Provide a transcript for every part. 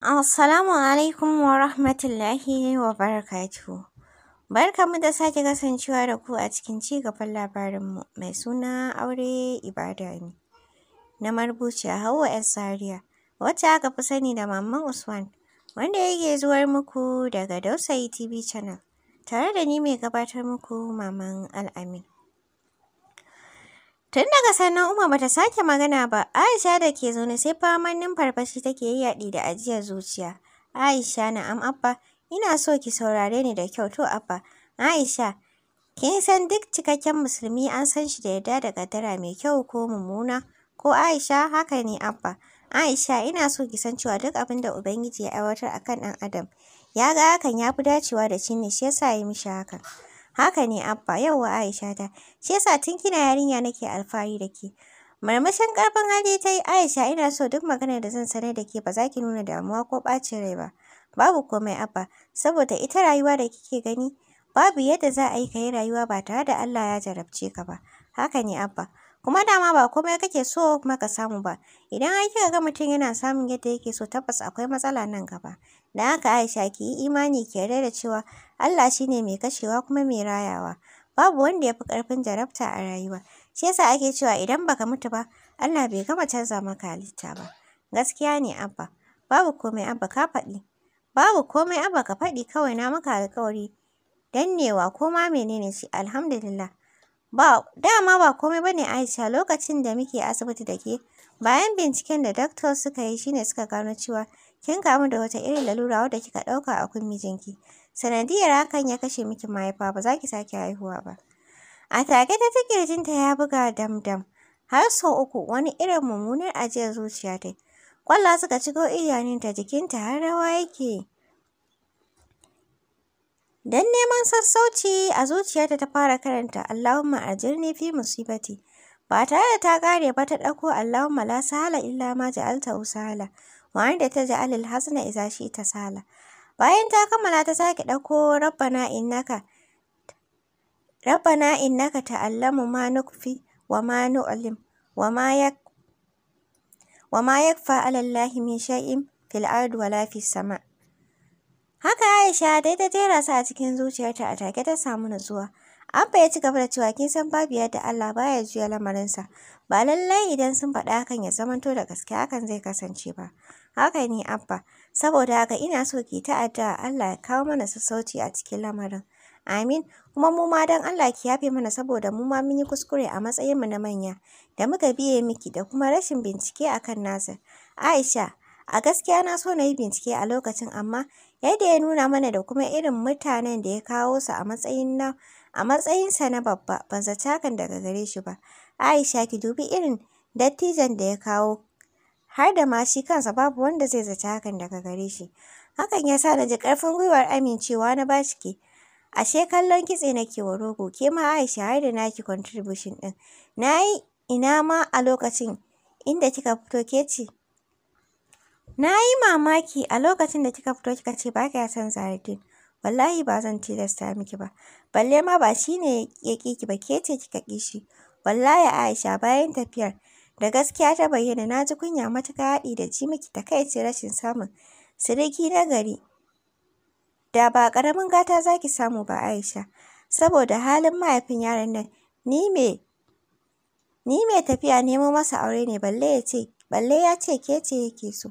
Assalamu alaikum wa rahmatullahi wa barakatuhu. da sake kasancewa da ku a cikin ci gaban labarin mu mai suna aure ibada ne. Na a Hauwa ‘yar Zaria, wacce aka fi sani da Maman Usman, wanda yake zuwar muku daga Dausayi TV Channel, tare da ni mai gabatar muku Maman Al'amin. Tun daga sannan Umar ba ta sake magana ba, Aisha da ke zaune sai famannin farfashi take yi yaɗi da ajiyar zuciya. Aisha na na'am Abba, ina so ki saurare ni da kyau to Abba. Aisha, kin san duk cikakken musulmi an san shi da yarda da kaddara mai kyau ko mummuna? Ko Aisha haka ne Abba. Aisha ina so ki san cewa duk abin da Ubangiji ya aiwatar akan ɗan Adam, ya ga hakan ya fi dacewa da shi ne shi yasa ya mishi hakan. Haka ne Abba, yauwa Aisha ta. Shi yasa tun kina yarinya nake alfahari da ke. Marmashin ƙarfin hali ta yi Aisha ina so duk magana da zan sanar da ke ba za ki nuna damuwa ko ɓacin rai ba. Babu komai Abba, saboda ita rayuwa da kike gani babu yadda za a yi ka yi rayuwa ba tare da Allah ya jarabce ka ba. Haka ne Abba. kuma dama ba komai kake so maka samu ba idan an kika ga mutum yana samun yadda yake so tabbas akwai matsala nan gaba Da haka Aisha ki yi imani ki yarda da cewa Allah shi ne mai kashewa kuma mai rayawa. Babu wanda ya fi ƙarfin jarabta a rayuwa. Shi yasa ake cewa idan baka mutu ba, Allah bai gama canza maka halitta ba. Gaskiya ne Abba. Babu komai Abba ka faɗi. Babu komai Abba ka faɗi kawai na maka alƙawari. Dannewa ko ma menene shi alhamdulillah. Ba dama ba komai bane Aisha lokacin da muke asibiti da ke. Bayan binciken da doctor suka yi shine suka gano cewa kin kamu da wata irin lalura wadda kika ɗauka a kun mijinki. Sanadiyar hakan ya kashe miki mahaifa ba za ki sake haihuwa ba. A take ta ta kirjinta ya buga damdam. Har sau uku wani irin mummunar ajiyar zuciya ta yi. suka cigo idanunta jikinta har rawa yake dan neman sassauci a zuciyarta ta fara karanta Allahumma ajirni fi musibati. Ba tare da ta kare ba ta ɗauko Allahumma la sahala illa ma ja'alta usahala. da ta ja'alil Hassana iza shi ta sala bayan ta kammala ta sake ɗauko rabbana innaka rabbana innaka ta'allamu ma nukfi wa ma nu'lim wa ma yak wa ma yakfa 'ala Allahi min shay'in fil ard wa la fis sama' Haka Aisha dai ta jera su a cikin zuciyarta a take ta samu nutsuwa. Abba ya ci gaba da cewa kin san babu yadda Allah baya juya lamarinsa. Ba lallai idan sun faɗa hakan ya zamanto da gaske hakan zai kasance ba. Haka ne Abba, saboda haka ina so ki ta Allah ya kawo mana sassauci a cikin lamarin. Amin. Kuma mu ma dan Allah ki yafe mana saboda mu ma mun yi kuskure a matsayinmu na manya da muka biye miki da kuma rashin bincike a kan nasa. Aisha, a gaskiya na so na yi bincike a lokacin amma yadda ya nuna mana da kuma irin mutanen da ya kawo su a matsayin na A matsayinsa na babba, ban zaci hakan daga gare shi ba. Aisha ki dubi irin dattijan da ya kawo har da ma shi kansa babu wanda zai zaci hakan daga gare shi. Hakan ya sa na ji ƙarfin gwiwar amincewa na bashi ke. Ashe kallon kitse na wa rogo, ke ma Aisha har da naki contribution ɗin. Na yi ina ma a lokacin inda kika fito ke ce. Na yi mamaki a lokacin da kika fito kika ce ba kya son zaridin Wallahi ba zan tilasta miki ba. Balle ma ba shi ne ya ki ki ba ke ce kika ƙi shi. Wallahi Aisha bayan tafiyar da gaskiya ta bayyana na ji kunya matuƙa haɗi da ji miki takaici rashin samun siriki na gari. Da ba ƙaramin gata za ki samu ba Aisha. Saboda halin mahaifin yaron nan ni me ni mai tafiya nemo masa aure ne balle ya ce balle ya ce ke ce yake so.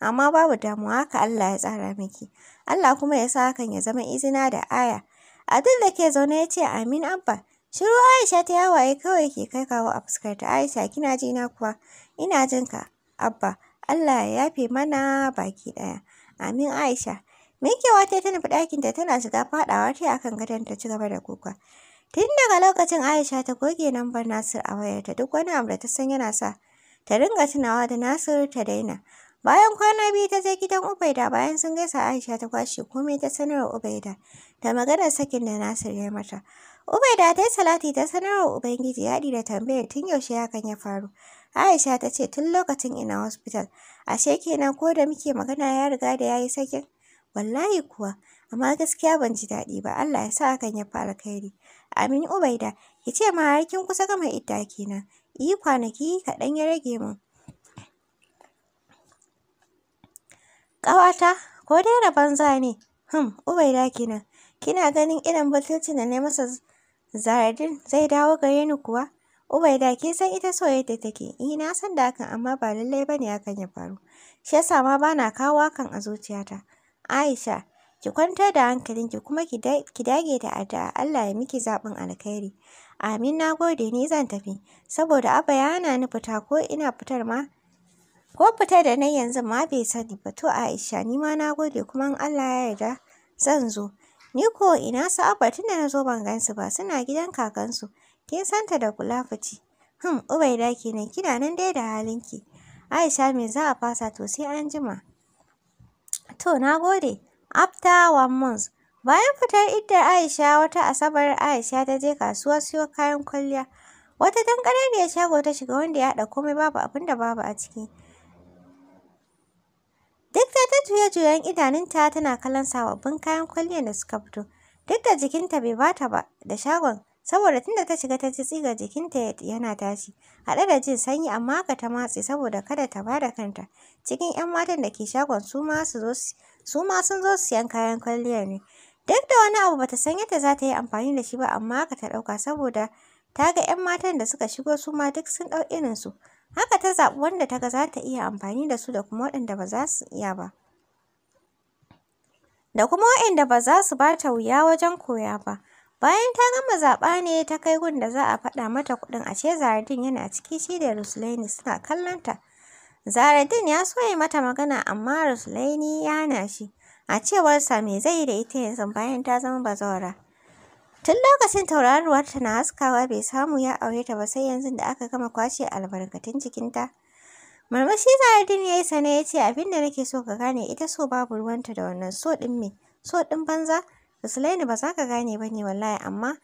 Amma babu damuwa haka Allah ya tsara miki. Allah kuma ya sa hakan ya zama izina da aya. duk da ke zaune ya ce amin abba. Shiru Aisha ta yawaye kawai ke kai kawo a ta Aisha kina ji na kuwa ina jin ka abba Allah ya yafe mana baki ɗaya. Amin Aisha. Mikewa ta ta nufi ta tana shiga faɗawa ta akan gadon ta ci gaba da kuka. Tun daga lokacin Aisha ta goge lambar Nasir a wayarta duk wani abu da ta san yana sa ta ringa tunawa da Nasir ta daina. Bayan kwana biyu ta je gidan Ubaida bayan sun gaisa Aisha ta kwashe komai ta sanarwa Ubaida da maganar sakin da Nasir ya mata. Ubaida ta yi salati ta wa Ubangiji yaɗi da tambayar tun yaushe hakan ya faru. Aisha ta ce tun lokacin ina hospital. Ashe kenan ko da muke magana ya riga da ya yi sakin? Wallahi kuwa. amma gaskiya ban ji daɗi ba Allah ya sa hakan ya fara kairi amin ubaida ki ce ma har kin kusa gama idda kenan iyi kwanaki kaɗan ya rage mun Ƙawata, ko dai da banza ne? Hum, Ubaida kenan. Kina ganin irin batulcin da na masa Zaradin zai dawo gare ni kuwa? Ubaida kin san ita so yadda take. Eh na san da hakan amma ba lallai bane hakan ya faru. Shi yasa ma bana kawo hakan a zuciyata. Aisha, ki kwantar da hankalinki kuma ki dage da addu'a Allah ya miki zaɓin alkhairi. Amin na gode ni zan tafi saboda Abba ya hana ni fita ko ina fitar ma Ko fita da nan yanzu ma bai sani ba to Aisha ni ma na gode kuma in Allah ya yarda zan zo. Ni ko ina sa'aba tunda na zo ban gansu ba suna gidan kakansu. Kin santa da kula fice. Hum Ubaida kenan kina nan dai da halinki. Aisha me za a fasa to sai an jima. To na gode. After one month. Bayan fitar iddar Aisha wata asabar Aisha ta je kasuwa siyo kayan kwalliya. Wata ya shago ta shiga wanda ya haɗa komai babu abin da babu a ciki. Duk da ta juye-juyen idanunta tana kallon sababbin kayan kwalliyar da suka fito. Duk da jikinta bai bata ba da shagon saboda tunda ta shiga ta ji tsigar jikinta yana tashi haɗe da jin sanyi amma ka ta matse saboda kada ta bada kanta cikin 'yan matan da ke shagon su ma sun zo siyan kayan kwalliyar ne duk da wani abu bata san yadda za ta yi amfani da shi ba amma ka ta ɗauka saboda ta ga 'yan matan da suka shigo su ma duk sun ɗau irin su Haka ta zaɓi wanda ta ga za ta iya amfani da su da kuma waɗanda ba za su iya ba. Da kuma waɗanda ba za su ba ta wuya wajen koya ba. Bayan ta gama zaɓa ne ta kai gun da za a faɗa mata kuɗin a ce Zaradin yana ciki shi da Rusulaini suna kallon ta. Zaradin ya so ya mata magana amma Rusulaini ya hana shi. A cewar sa me zai yi da ita yanzu bayan ta zama bazawara. Tun lokacin ta na haskawa bai samu ya aure ta ba sai yanzu da aka gama kwashe albarkatun jikinta. Murmushi Zahardin ya yi sane ya ce abin da nake so ka gane ita so babu ruwanta da wannan so din me so ɗin banza Sulaini ba za ka gane ba ne wallahi amma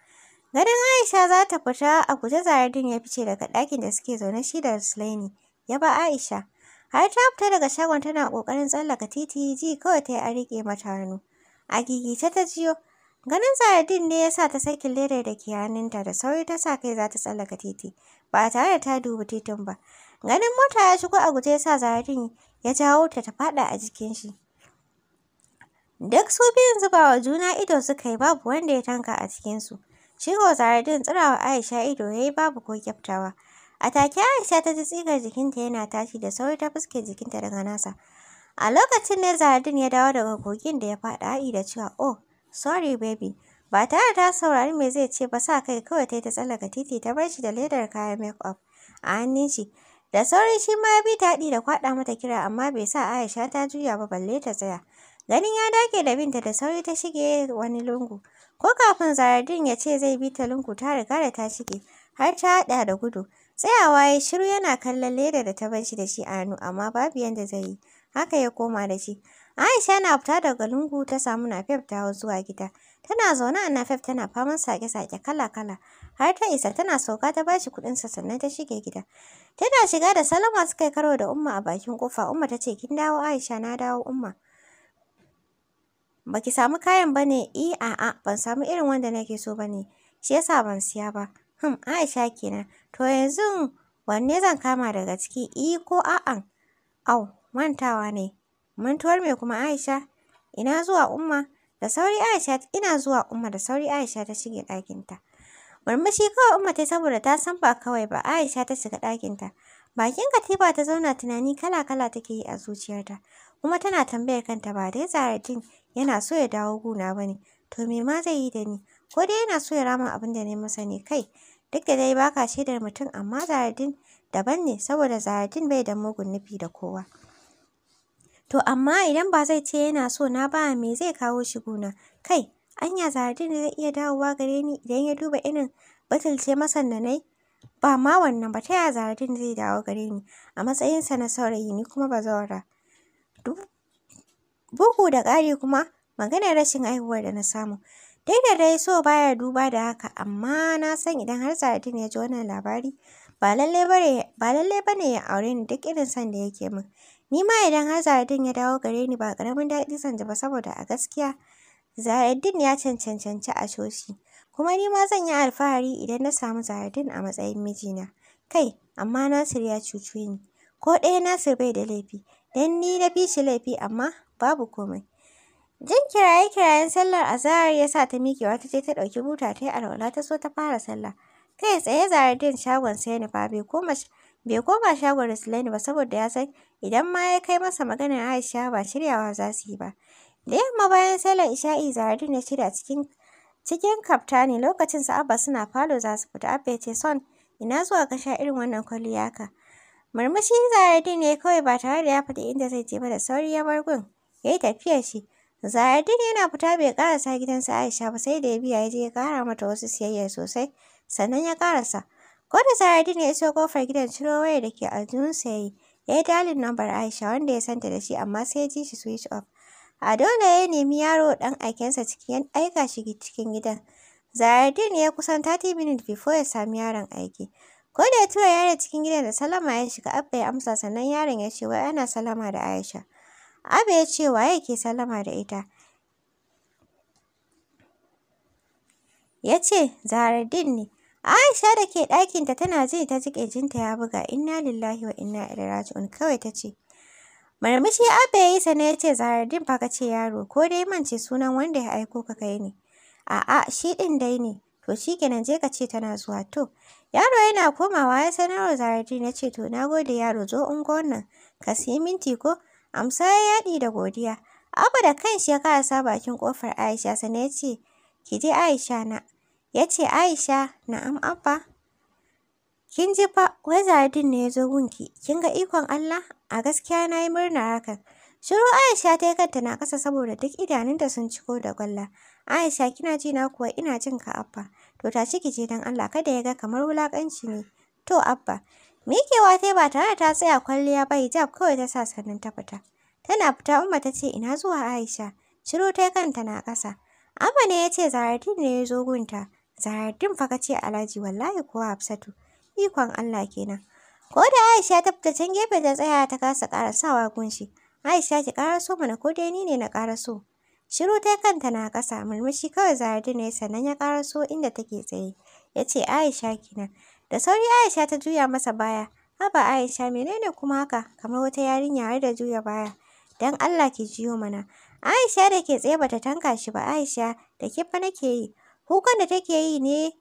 Gadon Aisha za ta fita a guje Zahardin ya fice daga ɗakin da suke zaune shi da Sulaini ya ba Aisha. Har ta fita daga shagon tana ƙoƙarin tsallaka titi ji kawai ta yi a riƙe mata hannu. A gigice ta jiyo Ganin zaradin ne ya sa ta sakin ledar da ke hannunta da sauri ta sa kai za ta tsallaka titi ba tare da ta dubi titin ba. Ganin mota ya shigo a guje ya sa Zahardin ya jawo ta ta faɗa a jikin shi. Duk su biyun zuba wa juna ido suka yi babu wanda ya tanka a cikin su Shigo Zahardin tsirawa Aisha ido ya yi babu ko kyaftawa. A take Aisha ta ji tsigar jikinta yana tashi da sauri ta fuske jikinta daga nasa. A lokacin ne zaradin ya dawo daga kogin da ya faɗa a da cewa oh Sorry baby. Ba tare ta saurari me zai ce ba sa kai kawai ta yi ta tsallaka titi ta bar shi da ledar kayan make-up a hannun shi. Da sauri shi ma ya bi ta haɗi da kwaɗa mata kira amma bai sa Aisha ta juya ba balle ta tsaya. Ganin ya dake da binta da sauri ta shige wani lungu. Ko kafin Zaradin ya ce zai bi ta lungu ta riga da ta shige har ta haɗa da gudu. Tsayawa ya shiru yana kallon leda da ta bar shi da shi a hannu amma babu yadda zai yi. Haka ya koma da shi. Aisha na fita daga lungu ta samu Nafef ta hau zuwa gida. Tana zaune a Nafef tana faman sake-sake kala-kala. Har ta isa tana sauka ta bashi sa sannan ta shige gida. Tana shiga da Salama suka karo da Umma a bakin kofa. Umma ta ce kin dawo Aisha na dawo Umma. Baki samu kayan ba ne? Eh, a a, ban samu irin wanda nake so ba ne. Shi yasa ban siya ba. Hum Aisha kenan. To yanzu wanne zan kama daga ciki? I eh, ko a'an? Au mantawa ne. Mantuwar me kuma Aisha? Ina zuwa Umma? Da sauri Aisha ina zuwa Umma da sauri Aisha ta shige ɗakinta. Murmushi kawai Umma ta saboda ta san ba kawai ba Aisha ta shiga ɗakinta. Bakin katifa ta zauna tunani kala-kala take yi a zuciyarta. Kuma tana tambayar kanta ba dai Zahraddin yana so ya dawo guna ba ne. To me ma zai yi da ni? Ko dai yana so ya rama abin da na masa ne kai. Duk da dai baka shaidar mutum amma zaradin daban ne saboda Zahraddin bai da mugun nufi da kowa. To amma idan ba zai ce yana so na ba me zai kawo shi gona? Kai, anya da zai iya dawowa gare ni idan ya duba irin batulce masan da na yi? Ba ma wannan ba ta yaya da zai dawo gare ni a matsayinsa na saurayi ni kuma ba zaura. Bugu da ƙari kuma maganar rashin haihuwar da na samu. Dai da dai so baya duba da haka amma na san idan har zaradin ya ji wannan labari ba lallai ba ne ya aure ni duk irin sanda da yake min. Ni ma idan har zaradin ya dawo gare ni ba ƙaramin daɗi zan ji ba saboda a gaskiya zaradin ya cancanci a coci. Kuma ni ma zan yi alfahari idan na samu zaradin a matsayin mijina. Kai, amma Nasir ya cucu ni. Ko ɗaya Nasir bai da laifi, don ni na fi shi laifi amma babu komai. Jin kiraye-kirayen sallar azahar ya sa ta miƙewa ta je ta ɗauki buta ta yi alwala ta so ta fara sallah. Kai tsaye zaradin shagon sai ni ba bai koma shagon Ruslaini ba saboda ya san Idan ma ya kai masa maganar Aisha ba shiryawa za su yi ba. Da yamma bayan sallar isha'i Zahardin ya shirya cikin cikin kaftani lokacin su Abba suna falo za su fita Abba ya ce son ina zuwa ka sha irin wannan kwalliya ka. Murmushi Zahardin ne kawai ba tare da ya fita inda zai je ba da sauri ya bar gun ya yi tafiyar shi. Zahardin yana fita bai karasa gidansa Aisha ba sai da ya biya ya je ya kara mata wasu siyayya sosai sannan ya karasa. Ko da ne ya iso kofar gidan ciro da ke aljihunsa ya yi. Ya yi dalin nambar Aisha wanda ya santa da shi amma sai ya ji shi switch off. A dole ya nemi yaro ɗan aikensa cikin yan aika shi cikin gidan. Zahardin ya kusan 30 minutes before ya sami yaron aiki. Ko da ya tura yaron cikin gidan da Salama ya shiga Abba ya amsa sannan yaron ya ce wai ana Salama da Aisha. Abba ya ce waye ke Salama da ita? Ya ce Zahardin ne. Aisha da ke ɗakinta tana ji ta ji jinta ya buga inna lillahi wa inna ilaihi raji'un kawai ta ce. Marmishi Abba ya yi sana ya ce din fa ka ce yaro ko dai mance sunan wanda ya aiko ka kai ne. A'a shi ɗin dai ne to shi kenan je ka ce tana zuwa to. Yaro yana komawa ya sanarwa din ya ce to na gode yaro zo in wannan ka siyi minti ko amsa ya yaɗi da godiya. Abba da kanshi ya sa bakin ƙofar Aisha sana ya ce ki je Aisha na Ya ce Aisha, na'am abba. Kin ji fa wai Zaradin ne ya zo gunki, kin ga ikon Allah? A gaskiya na yi murna hakan. Shiru Aisha ta yi kanta na kasa saboda duk idanunta sun ciko da gwalla. Aisha kina ji na kuwa ina jin ka abba. To tashi ki je dan Allah kada ya ga kamar wulakanci ne. To abba, Me wa ta ba tare ta tsaya kwalliya ba hijab kawai ta sa sannan ta fita. Tana fita Umma ta ce ina zuwa Aisha. Shiru ta yi kanta na kasa. Abba ne ya ce Zaradin ne ya zo gunta. Zahardin fa ka ce Alhaji wallahi ko Hafsatu. Ikon Allah kenan. Ko da Aisha ta fita can gefe ta tsaya ta kasa sawa gunshi. Aisha ki karaso mana ko dai ni ne na karaso. Shiru ta kanta na kasa, murmushi kawai Zahardin ne sannan ya karaso inda take tsaye. Ya ce Aisha kenan. Da sauri Aisha ta juya masa baya. Haba Aisha menene kuma haka kamar wata yarinya har da juya baya. Dan Allah ki jiyo mana. Aisha da ke tsaye bata tanka shi ba Aisha da ke fa nake yi. Kukan da take yi ne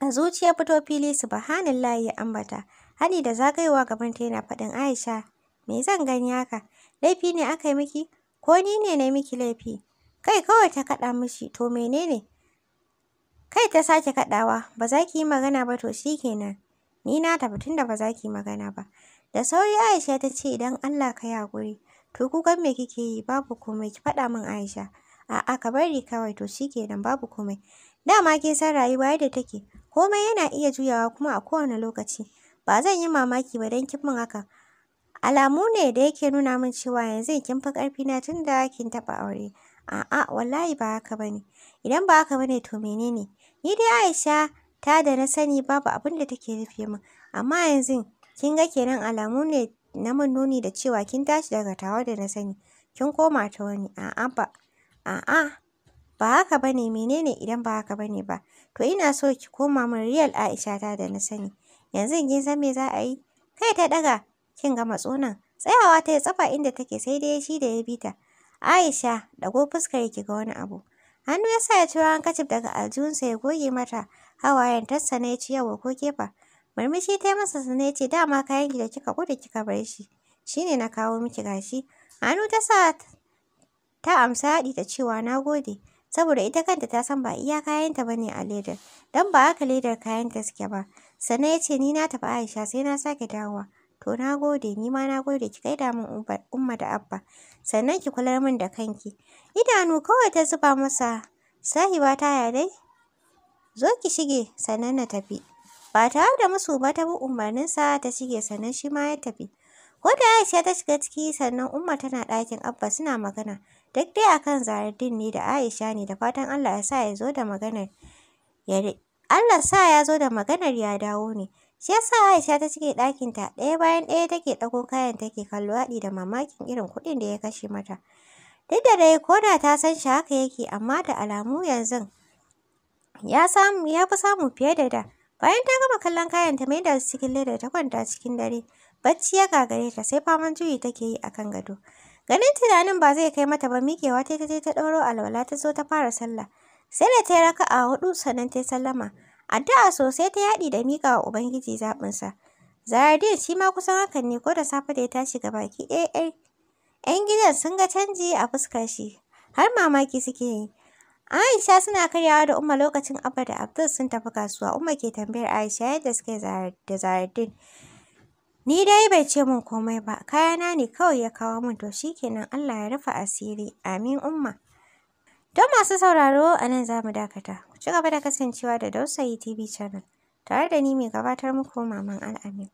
a zuciya fito fili subhanallahi ya ambata. Hali da zagayowa ta yana faɗin Aisha, me zan gani haka? Laifi ne aka yi miki? Ko ni ne na miki laifi? Kai kawai ta kaɗa mishi, to menene? Kai ta sake kaɗawa, ba za ki yi magana ba to shi kenan. Ni na tafi da ba za ki yi magana ba. Da sauri Aisha ta ce, idan Allah ka yi haƙuri, to kukan me kike yi? Babu komai, ki faɗa min Aisha. A'a ka bari kawai to shi kenan babu komai. Dama ke san rayuwa yadda take, komai yana iya juyawa kuma a kowane lokaci. Ba zan yi mamaki ba don kin min haka. Alamu ne da yake nuna min cewa yanzu kin fi ƙarfina tun da kin taɓa aure. A'a wallahi ba haka ba Idan ba haka ba to menene? Ni dai Aisha ta da na sani babu abin da take rufe min. Amma yanzu kin ga kenan alamu ne na mun nuni da cewa kin tashi daga tawa da na sani. Kin koma ta wani. A'a ba. A'a, ba haka ba menene idan ba haka bane ba? To ina so ki koma min real Aisha ta da na sani. Yanzu kin san me za a yi? Kai ta ɗaga, kin ga matsonan. Tsayawa ta ya tsafa inda take sai dai shi da ya bi ta. Aisha, ɗago fuskar ki ga wani abu. Hannu ya sa ya ciro kacif daga aljihunsa ya goge mata hawayen tassa na ya ci yawa ko kefa. Murmushi ta yi masa sana ya ce dama kayan ki da kika gudu kika bar shi. Shi ne na kawo miki gashi. Hannu ta sa Ta amsa haɗi da cewa na gode, saboda ita kanta ta san ba iya kayanta ba ne a ledar, don ba haka ledar kayanta suke ba. Sannan ya ce ni na tafi Aisha sai na sake dawowa. To na gode, ni ma na gode ki kai min Umma da Abba. Sannan ki kular min da kanki. Idanu kawai ta zuba masa. Sahiba ta ya dai? Zo ki shige sannan na tafi. Ba tare da musu ba ta bi umarninsa ta shige sannan shi ma ya tafi. Ko da Aisha ta shiga ciki sannan Umma tana ɗakin Abba suna magana. Duk dai akan zaradin ne da Aisha ne da fatan Allah ya sa ya zo da maganar ya Allah sa ya zo da maganar ya dawo ne. Shi yasa Aisha ta cike ɗakinta ɗaya bayan ɗaya take ɗago kayan take kallo haɗi da mamakin irin kuɗin da ya kashe mata. Duk da dai koda ta san shi haka yake amma da alamu yanzu ya samu ya fi samu fiye da da. Bayan ta gama kallon kayan ta maida su cikin leda ta kwanta cikin dare. Bacci ya gagare ta sai faman juyi take yi akan gado. Ganin tunanin ba zai kai mata ba miƙewa ta yi ta ɗauro alwala ta zo ta fara sallah. Sai da ta yi a hudu sannan ta yi sallama. Addu'a sosai ta yaɗi da miƙa wa Ubangiji zaɓinsa. Zahardin shi ma kusan hakan ne ko da safe da ya tashi baki ɗaya ɗaya. 'Yan gidan sun ga canji a fuskar shi har mamaki suke yi. Aisha suna karyawa da Umma lokacin Abba da Abdul sun tafi kasuwa. Umma ke tambayar Aisha yadda suke yi da Zahardin. Ni dai bai ce min komai ba, kayana ne kawai ya kawo min to shi kenan Allah ya rufe asiri, amin umma. Don masu sauraro a nan za mu dakata, ku ci gaba da kasancewa da Dausayi TV channel, tare da ni mai gabatar muku Maman Al'amin.